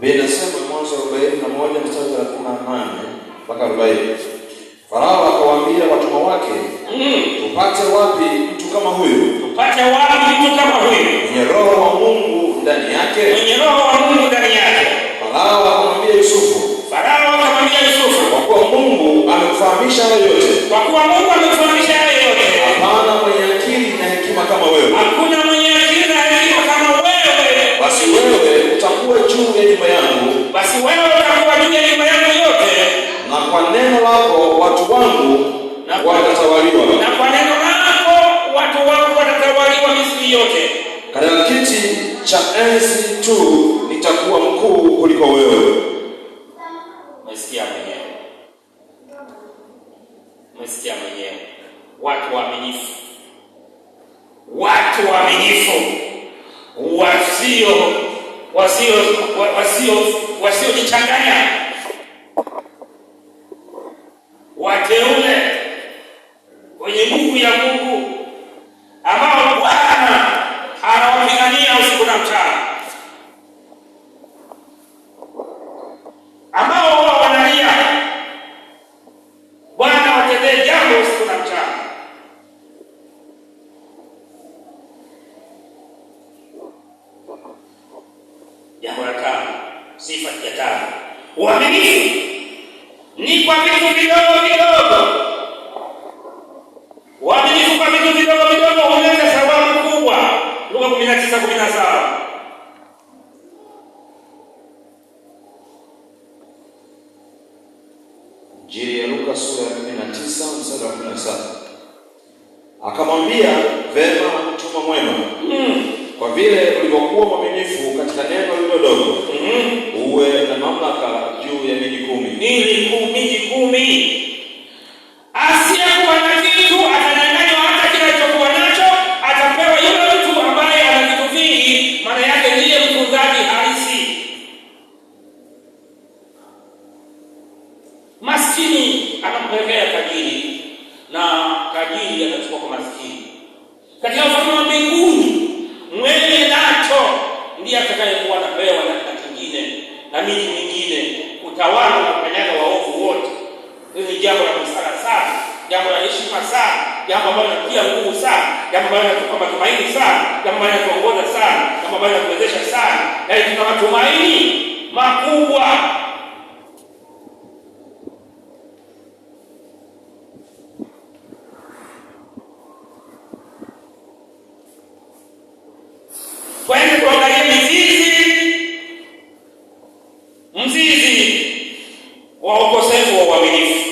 Biblia inasema Mwanzo 41 mstari 38 mpaka 40. Farao akawaambia watumwa wake, mm, tupate wapi mtu kama huyu? Tupate wapi mtu kama huyu? Mwenye roho wa Mungu ndani yake. Mwenye roho wa uwe juu ya nyumba yangu, basi wewe utakuwa juu ya nyumba yangu yote, na kwa neno lako watu wangu watatawaliwa, na kwa neno lako watu wangu watatawaliwa Misri yote. Katika kiti cha enzi tu nitakuwa mkuu kuliko wewe. Umesikia mwenyewe, umesikia mwenyewe, watu waaminifu, watu waaminifu wasio wasio wasio wasiojichanganya wateule Jambo la tano, sifa ya tano, uaminifu ni kwa vitu vidogo vidogo. Uaminifu kwa vitu vidogo vidogo huleta sababu kubwa. Luka 19:17 Injili ya Luka sura ya 19 mstari wa 17, akamwambia, vema mtumwa mwema mm kwa vile ulivyokuwa mwaminifu katika neno lilo dogo, mm -hmm. uwe na mamlaka juu ya miji kumi, miji kumi. Asiyekuwa na kitu atanyang'anywa hata kile alichokuwa nacho, atapewa yule mtu ambaye ana vitu vingi. Maana yake ndiye mtunzaji halisi. Maskini anampelekea tajiri na tajiri atachukua kwa maskini katika ndiye atakayekuwa anapewa na kingine na miji mingine, utawala na kukanyaga waovu wote. Hili ni jambo la busara sana, jambo la heshima sana, jambo ambalo linatia nguvu sana, jambo ambalo linatupa matumaini sana, jambo ambalo linatuongoza sana, jambo ambalo linatuwezesha sana, yaani tuna matumaini makubwa Twende tuangalie waongozevu wa uaminifu